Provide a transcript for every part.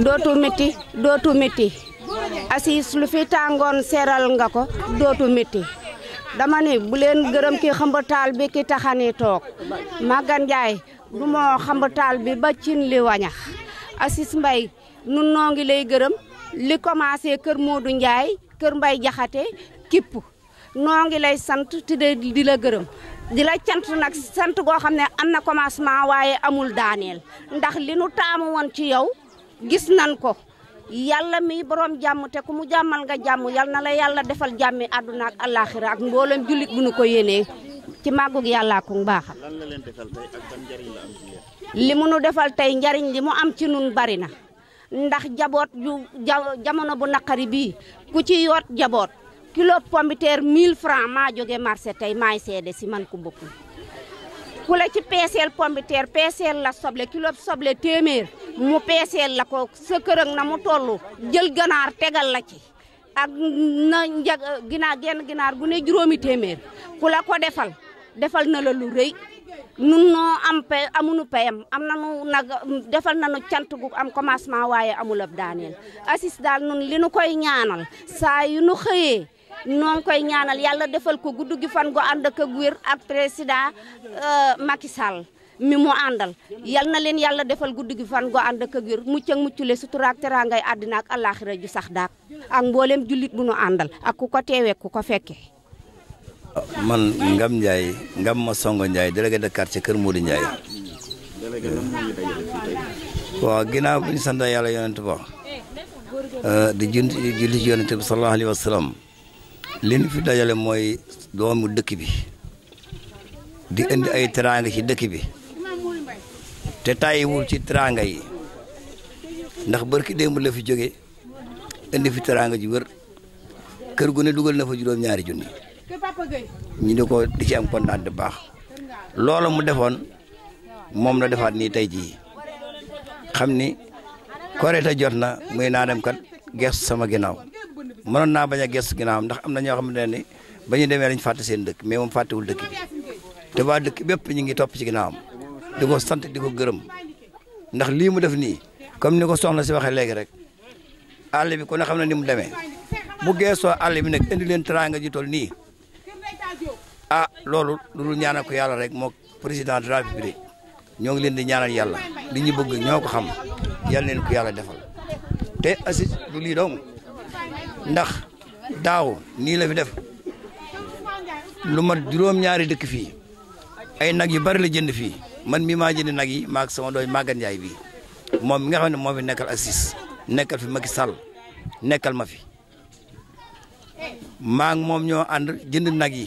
dootu métti dootu métti Aziz lu fi tàngoon seeral nga ko dootu métti dama ne bu leen gërëm ki xambataal bi ki taxani toog Maguette Ndiaye du moo xambataal bi ba cin li wañax Aziz mbay nu noo ngi lay gërëm li commencé kër Modou Ndiaye kër mbay Jaxate kipp noo ngi lay sant di la gërëm di la cant nag sant goo xam ne am na commencement waaye amul daaneel ndax li nu taamu woon ci yow gis nan ko yàlla mi borom jàmm ku mu jàmmal nga jàmm yal na la yàlla defal jàmmi àdduna ak ak mboolem jullit bu nu ko yéenee ci màggug yàllaa ko mbaaxam. lan la leen defal tey ak ban njariñ li mu nu defal tey njariñ li mu am ci nun bari na ndax jaboot ju jamono bu naqari bii ku ci yoot jaboot kilo pomme de terre maa jóge marché tey maay seede si man ku bokkul. ku la ci peeseel pombiteer peeseel la soble kilo soble téeméer mu peeseel la ko sa kër ak na mu toll jël ganaar tegal la ci ak na ginaar genn ginaar gu ne juróomi téeméer ku la defal defal na la lu rëy nun noo am pe amunu payam am nanu nag defal nanu cant gu am commencement waaye amul ab daaneel Aziz daal nun li nu ñaanal saa yu noo ngi koy ñaanal yàlla defal ko guddu gi fan go ànd ak wér ak président euh, Macky Sall mi mu àndal yal na leen yàlla defal guddi gi fan go ànd ak wér mucc ak muccule sutura ak teraangay àddina ak àllaaxira ju sax daak ak mboolem jullit bu nu àndal ak ku ko teewee ku ko fekkee. man Ngam Ndiaye Ngam ma Songo Ndiaye délégué de quartier Kër Modou Ndiaye. waaw ginnaaw bi ñu sant yàlla yonent ba euh, di julli ci yonent bi sallallahu alayhi wa li ñu fi dajale mooy doomu dëkk bi di indi ay teraanga ci dëkk bi te tàyyiwul ci teraanga yi ndax barki démb la fi jóge indi fi teraanga ji wër kër gu ne dugal na fa juróom-ñaari junni ñu ne ko di ci am kontaan bu baax loola mu defoon moom la defaat nii tey jii xam ni korite jot na muy naa dem kat gees sama ginnaaw mënoon naa bañ a gestu ginnaawam ndax am na ñoo xamante ne ni ba ñu demee lañ fàtte seen dëkk mais moom fàttewul dëkk bi te waa dëkk bépp ñu ngi topp ci ginnaawam di ko sant di ko gërëm ndax lii mu def nii comme ni ko soxna si waxee léegi rek àll bi ku ne xam na ni mu demee bu geesoo àll bi nag indi leen teraanga ji toll nii ah loolu loolu ñaana ku yàlla rek moo président de la république ñoo ngi leen di ñaanal yàlla di ñu bëgg ñoo ko xam yàlla leen ko yàlla defal te assis du ndax daaw nii la fi def lu mat juróom-ñaari dëkk fii ay nag yu bari la jënd fii man mii maa jënd nag yi maag sama doy Maguette Ndiaye bii moom mi nga xam ne moo fi nekkal Assis nekkal fi Macky Sall nekkal ma fi maa moom ñoo ànd jënd nag yi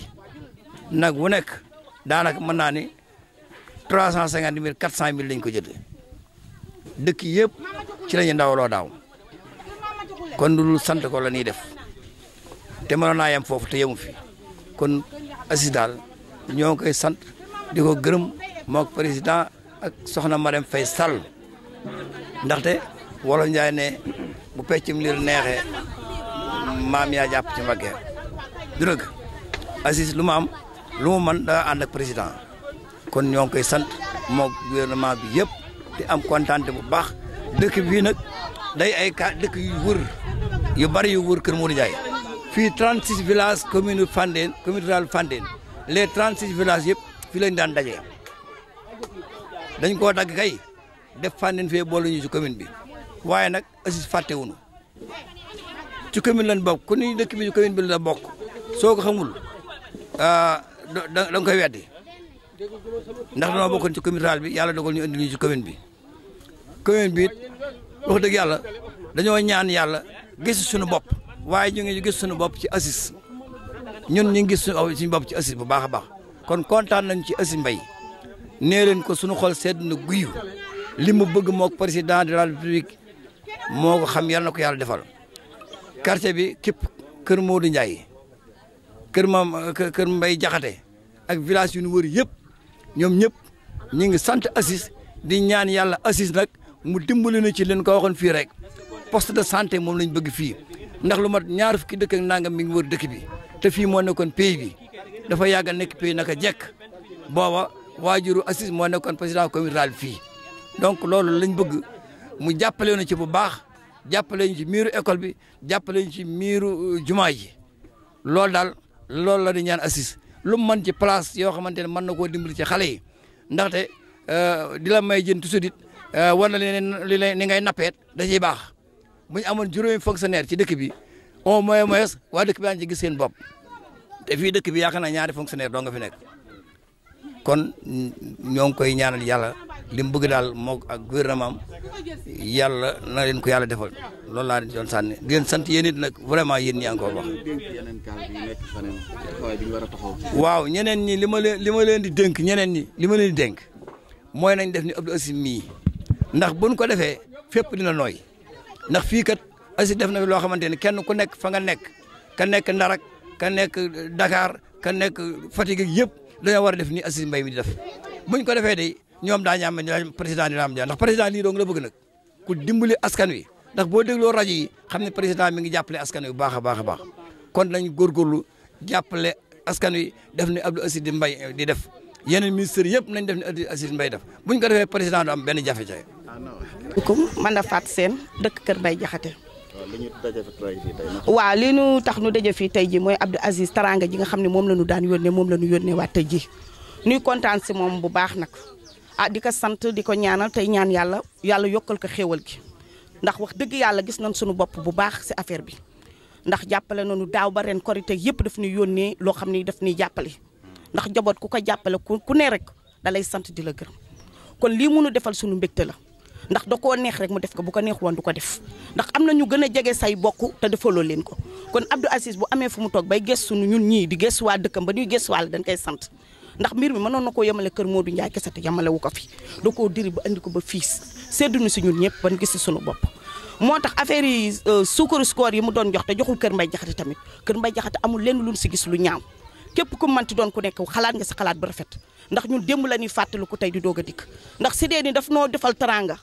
nag wu nekk daanaka mën naa ne trois cent cinquante mille quatre cent mille lañ ko jënd dëkk yëpp ci lañu ñu ndawaloo daaw kon lu sant ko la ñuy def te mënoon naa yem foofu te yemu fi kon Aziz daal ñoo ngi sant di ko gërëm mook président ak soxna Marème Faye Sall ndaxte wolof Njaay ne bu peccum liir neexee maam yaa jàpp ci mbaggee du dëgg lu ma am lu mu mën daa ànd président kon ñoo ngi koy sant mook gouvernement bi yëpp di am kontaan bu baax dëkk bii nag day ay ka dëkk yu wër yu bari yu wër Kër Modou Ndiaye fii 36 villages commune Fandène commune rurale Fandène les 36 villages yëpp fii lañ daan daje dañ koo dagg kay def Fandène fee boole ñu ci commune bi waaye nag assis fàttewuñu ci commune lañ bokk ku ñu dëkk bi ci commune bi la bokk soo ko xamul ah, da nga koy weddi ndax dañoo bokkoon ci commune rurale bi yàlla dogal ñu indi ñu ci commune bi commune bi wax dëgg yàlla dañoo ñaan yàlla gis suñu bopp waaye ñu ngi gis suñu bopp ci Aziz ñun ñu ngi gis suñu bopp ci Aziz bu baax a baax kon kontaan nañ ci Aziz Mbaye nee leen ko suñu xol sedd na guyu li mu bëgg moo président de la république moo ko xam yàlla na ko yàlla defal quartier bi képp kër Modou Ndiaye kër ma kër Mbaye Jaxate ak village yu ñu wër yëpp ñoom ñëpp ñu ngi sant Aziz di ñaan yàlla Aziz nag mu dimbali na ci leen ko waxoon fii rek poste de santé moom lañ bëgg fii ndax lu mat ñaar fukki dëkk ak nangam mi ngi wër dëkk bi te fii moo kon pays bi dafa yàgg a nekk pays naka jekk booba waajuru Assis moo nekkoon président communauté rurale fii donc loolu lañ bëgg mu jàppale na ci bu baax jàppale ñu ci miiru école bi jàppale ñu ci miiru euh, jumaa ji loolu daal loolu la di ñaan Assis lu mu mën ci place yoo xamante ne mën na koo dimbali ci xale yi ndaxte euh, di la may jën tout Euh, wala li lay ni ngay nappeet da baax bu ñu amoon juróomi fonctionnaire ci dëkk bi au moins moins waa dëkk bi daañu ci gis seen bopp te fii dëkk bi yaakaar naa ñaari fonctionnaire doo fi nekk kon ñoo ngi koy ñaanal yàlla li mu bëgg daal moog ak gouvernement am yàlla na leen ko yàlla defal loolu laa leen doon sànni di leen sant yéen nag vraiment yéen ñi encore wax. waaw ñeneen ñi li ma li ma leen di dënk ñeneen ñi li ma leen di dénk mooy nañ def ni Abdou Aziz mii ndax buñ ko defee fépp dina nooy ndax fii kat ACID def na fi loo xamante ni kenn ku nekk fa nga nekk ka nekk Ndarak ka nekk dakaar ka nekk Fatick yëpp dañoo war a def ni ACID mbay mi di def buñ ko defee day ñoom daañu am daañu président dina am ndax président lii doong la bëgg nag ku dimbali askan wi ndax boo dégloo rajo yi xam ne président mi ngi jàppale askan wi baax a baax a baax kon nañ góorgóorlu jàppale askan wi def ni Abdou ACID mbay di def yeneen ministère yëpp nañ def ni Abdou ACID mbay def buñ ko defee président du am benn jafe-jafe man la Fatou Sène dëkk Kër bay Jaxate waaw li ñu tax nu daje fii tey ji mooy Abdou Aziz taranga ji nga xam ne moom la ñu daan yónnee moom la nu yónnee waat tey ji nuy kontaan si moom bu baax nag ah di ko sant di ko ñaanal tey ñaan yàlla yàlla yokkal ko xéewal gi ndax wax dëgg yàlla gis na sunu bopp bu baax si affaire bi ndax jàppale na nañu daaw ba ren korite yëpp daf ñuy yónnee loo xam ni daf ñuy jàppale ndax jaboot ku ko jàppale ku ne rek dalay lay sant di la gërëm kon ndax da koo neex rek mu def ko bu ko neexul woon du ko def ndax am na ñu gën a jege say bokk te defaloo leen ko kon Abdou Aziz bu amee fu mu toog bay gestu ñun ñii di gestu waa dëkkam ba ñuy gestu waale dañ sant ndax mbir mi mënoon na koo yemale kër du Ndiaye kese te yemale wu ko fi da koo diri ba indi ko ba fiis sedduñu si ñun ñëpp ban gis si suñu bopp moo tax affaire yi euh, suukaru score yi mu doon jox te joxul kër Mbay Jaxate tamit kër Mbay Jaxate amul leen lu si gis lu ñaaw képp ku mënti doon ku nekk xalaat nga sa xalaat bu rafet ndax ñun démb la ñuy fàttaliku tey di doog a dikk ndax si dee ni daf noo defal teraanga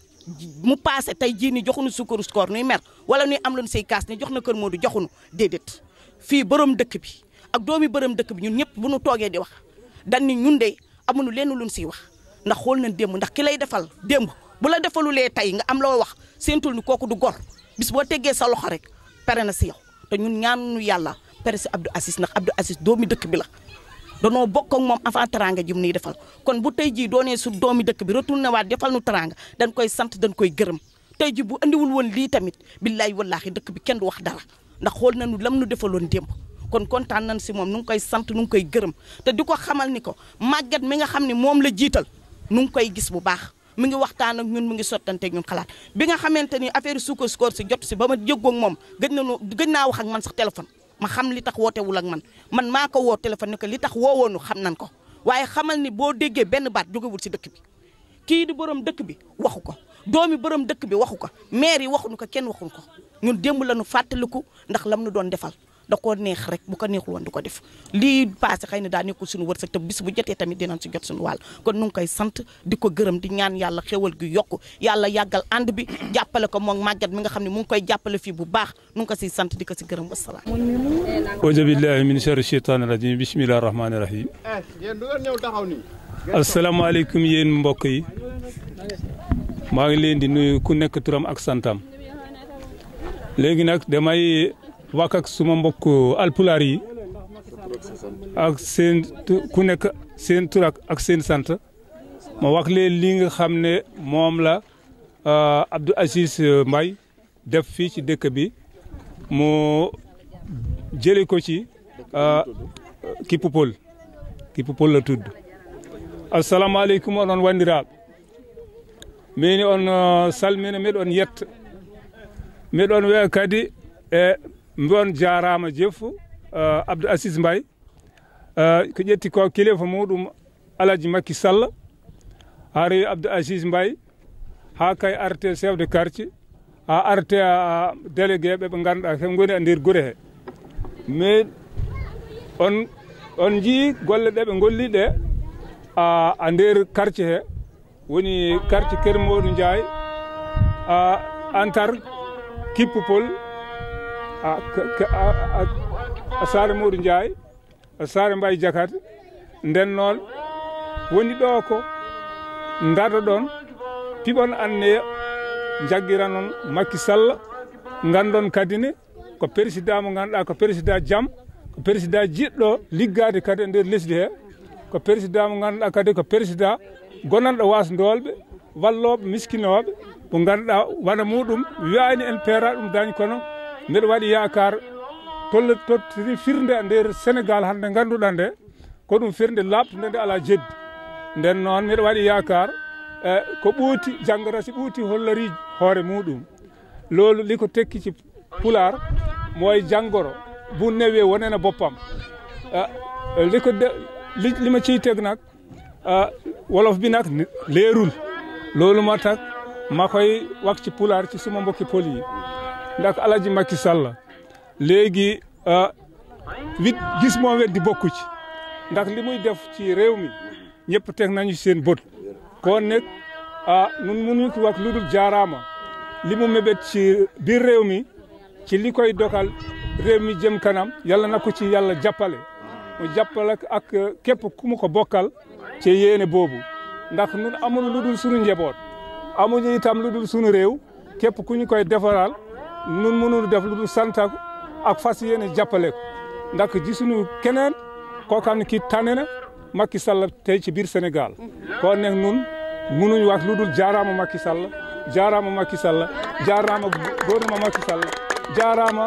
mu passé tey jii ni joxunu joxuñu sukkaru koor nuy mer wala nuy am lu ñu say kaas ni jox na kër du joxuñu déedéet fii borom dëkk bi ak doomi borom dëkk bi ñun ñëpp bu ñu toogee di wax dañ ni ñun de amuñu lenn luñ siy wax ndax xool nañ démb ndax ki lay defal démb bu la defalulee tey nga am loo wax séentul nu kooku du gor bis boo teggee sa loxo rek pere na si yow te ñun ñaanu yàlla pare si Abdou Aziz ndax Abdou Aziz doomi dëkk bi la danoo bokk ak moom avant teranga jum ni defal kon bu tey ji doonee su doomi dëkk bi retourné waat defal nu teranga dañ koy sant dañ koy gërëm tey jii bu andiwul woon lii tamit billaay wallaahi dëkk bi kenn du wax dara nda xool nañu lam nu defaloon démb kon kontaan nañ si moom nu ngi koy sant nu ngi koy gërëm te di ko xamal ni ko màgget mi nga xam ne moom la jiital nu ngi koy gis bu baax mi ngi waxtaan ak ñun mi ngi sottante ñun xalaat bi nga xamante ni affaire suukar score si jot si ba ma yëggoog moom gëj na gëj naa wax ak man sax téléphone ma xam li tax wootewul ak man man maa ko woo téléphone ne ko li woo woowoonu xam nan ko waaye xamal ni boo déggee benn baat jógewul si dëkk bi kii di borom dëkk bi waxu ko doomi borom dëkk bi waxu ko maire yi waxuñu ko kenn waxuñu ko ñun démb la ñu fàttaliku ndax lam nu doon defal da koo neex rek bu ko neexul woon di ko def lii passé xëy na daa nekkul suñu wërsëg te bis bu jotee tamit dinañ si jot suñu wàll kon nu ngi koy sant di ko gërëm di ñaan yàlla xéwal ga yokku yàlla yàggal ànd bi jàppale ko moom màgget mi nga xam ne mu ngi koy jàppale fii bu baax nu ngi ko siy sant di ko si gërëm wasalaam auzu billahi min sharri shaytaani rajim bismillahi rahmaani rahim asalaamaaleykum yéen mbokk yi maa ngi leen di nuyu ku nekk turam ak santam léegi damay wax ak suma mbokk alpulaar yi ak seen nekk seen ak seen sant ma wax leen li nga xam ne moom la uh, Abdou Aziz def fii ci dëkk bi mu jële ko ci uh, Kippupol Kippupol la tudd assalamualeykum oɗon wanndiraaɓe mini on uh, salmina miɗon yetta miɗon wiya kadi e mbiwon jarama jeffo euh, abdou asis mbaye euh, ko ƴetti ko kilifa muɗum alaji makki sall ha rewi abdou asis kay arte chef de quartier arte délégué ɓe ɓe ganduɗa ɓe goni e nder guure he mais on on golle ɗe ɓe golli ɗe a nder quartier he woni quartier kermoɗo ndiaye antar kippupol a saare moɗo ndiaye saare mbaye jakate ndennoon woni ɗo ko dada piɓon anneya jaggira makki salla gandon kadine ko président mo ganduɗa ko président jaam ko président jiɗɗo liggade kadi e nder lesdi he ko président mo ganduɗa kadi ko président gonanɗo wasdolɓe walloɓe miskinoɓe mo ganduɗa waɗa muɗum wiyani en peera ɗum dañi ndeɗo waɗi yaakaar tolla totti firde nder sénégal hande ganduɗa nde ko ɗum firde labtude nde ala jeddi nden noon mbiɗa waɗi yakar e, ko ɓuuti janggata si ɓuuti hollori hoore muɗum loolu liko tekkici pular moye janggoro bunnewe wonena boppam e, liko lima ciiteg nak e, wolof bi nak leerul loolu ma tak makoy wak ci pular ci suma mbokki poli ndax alaji Macky salla léegi euh, wit gis moo weddi bokku ci ndax li muy def ci réew mi ñëpp teg nañu seen bët kon nag ah nun mënuñu ko wax jaaraama li mu mébét ci biir réew mi ci li koy dogal réew mi jëm kanam yàlla na ko ci yàlla jàppale mu ak képp ku mu ko bokkal ci yéene boobu ndax nun amuñu lu dul suñu njaboot amuñu itam suñu réew képp ku ñu koy defaral nun mënul def lu dul santaku ak fas yéene jàppale ko ndax gisuñu keneen koo xam ne kii tànne na Macky Sall tey ci biir Sénégal kon nag nun mënuñ wax lu dul jaaraama Macky Sall jaaraama Macky Sall jaaraama gouvernement Macky Sall jaaraama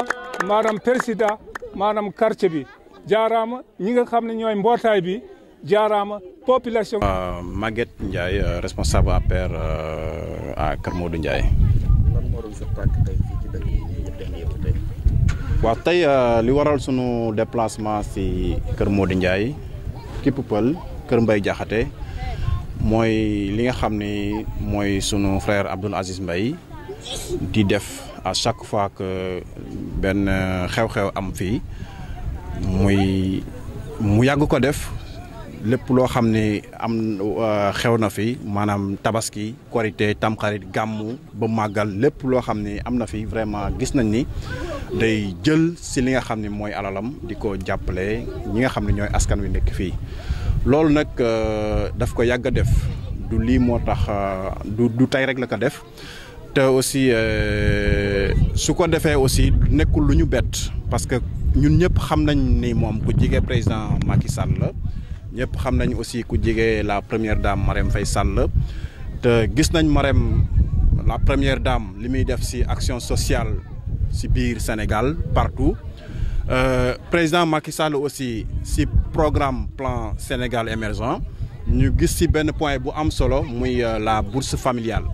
maanaam président maanaam quartier bi jaaraama ñi nga xam ne ñooy mbootaay bi jaaraama population. Euh, Maguette Ndiaye euh, responsable APR euh, à Kër Modou Ndiaye. waaw tey euh, li waral sunu déplacement si kër Modou Ndiaye ki People kër mbay Diakhaté mooy li nga xam ni mooy sunu frère Abdoul Aziz mbay di def à chaque fois que benn xew-xew am fii muy mu yàgg ko def lépp loo xam ne am euh, xew na fi maanaam tabaski korité tamxarit gàmmu ba màggal lépp loo xam ne am na fi vraiment gis nañ ni day jël si li nga xam ni mooy alalam di ko jàppale ñi nga xam ne ñooy askan wi nekk fii loolu nag euh, daf ko yàgg def du lii moo tax euh, du du tey rek la ko def te aussi su ko defee aussi nekkul lu ñu bett parce que ñun ñëpp xam nañ ni moom ku jigee président Macky Sall la ñëpp xam nañu aussi ku jege la première dame Marème Faye Sall te gis nañ Marème la première dame li muy def si action sociale si biir Sénégal partout euh, président Macky Sall aussi si programme plan Sénégal émergent ñu gis si benn point bu am solo muy euh, la bourse familiale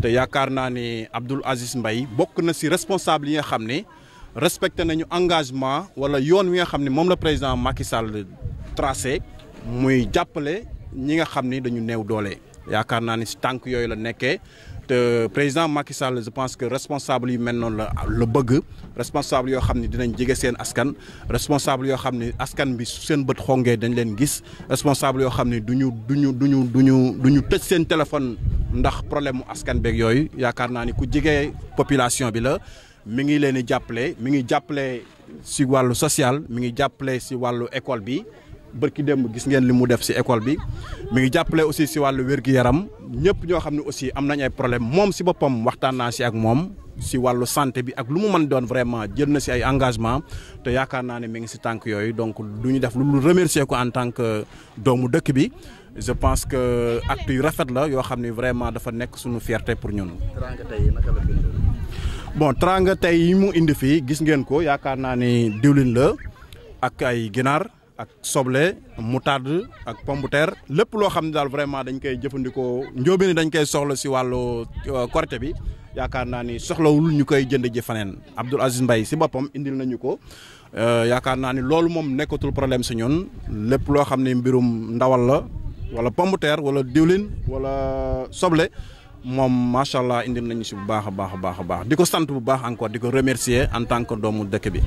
te yaakaar naa ni Abdoul Aziz mbay bokk na si responsable yi nga xam ni respecté nañu engagement wala yoon wi nga xam ne moom la président Macky Sall tracé muy jàppale ñi nga xam ni dañu néew doole yaakaar naa ni si tànk yooyu la nekkee te président Macky Sall je pense que responsable yi mel noonu la la bëgg responsable yoo xam ni dinañ jege seen askan responsable yoo xam ne askan bi seen bët xongee dañ leen gis responsable yoo xam ne du ñu du ñu du ñu du ñu du ñu tëj seen téléphone ndax problème mu askan beeg yooyu yaakaar naa ni ku jege population bi la mi ngi leen jàppale mi ngi jàppale si wàllu sociale mi ngi jàppale si wàllu école bi bërki démb gis ngeen li mu def si école bi mi ngi jàppale aussi si wàllu wér-gu-yaram ñëpp ñoo xam ne aussi am nañ ay problème moom si boppam waxtaan naa si ak moom si wàllu santé bi ak lu mu mën doon vraiment jël na si ay engagement te yaakaar naa ne mi ngi si tànk yooyu donc du ñu def lu remercier ko en tant que doomu dëkk bi je pense que actu yu rafet la yoo xam ne vraiment dafa nekk suñu fierté pour ñun. bon teranga tey yi mu indi fii gis ngeen ko yaakaar naa ni diwlin la ak ay ginaar. ak soble moutarde ak pomme terre lépp loo xam ne daal vraiment dañ koy jëfandikoo njóobeen dañ koy soxla si wàllu euh, korité bi yaakaar naa ni soxlawul ñu koy jënd ji faneen Abdoul Aziz Mbaye si boppam indil nañu ko euh, yaakaar naa ni loolu moom nekkatul problème si ñun lépp loo xam ne mbirum ndawal la wala pomme terre wala diwlin wala soble moom macha allah indil nañu si bu baax a baax a baax a baax di ko sant bu baax encore di ko remercier en tant que doomu dëkk bi.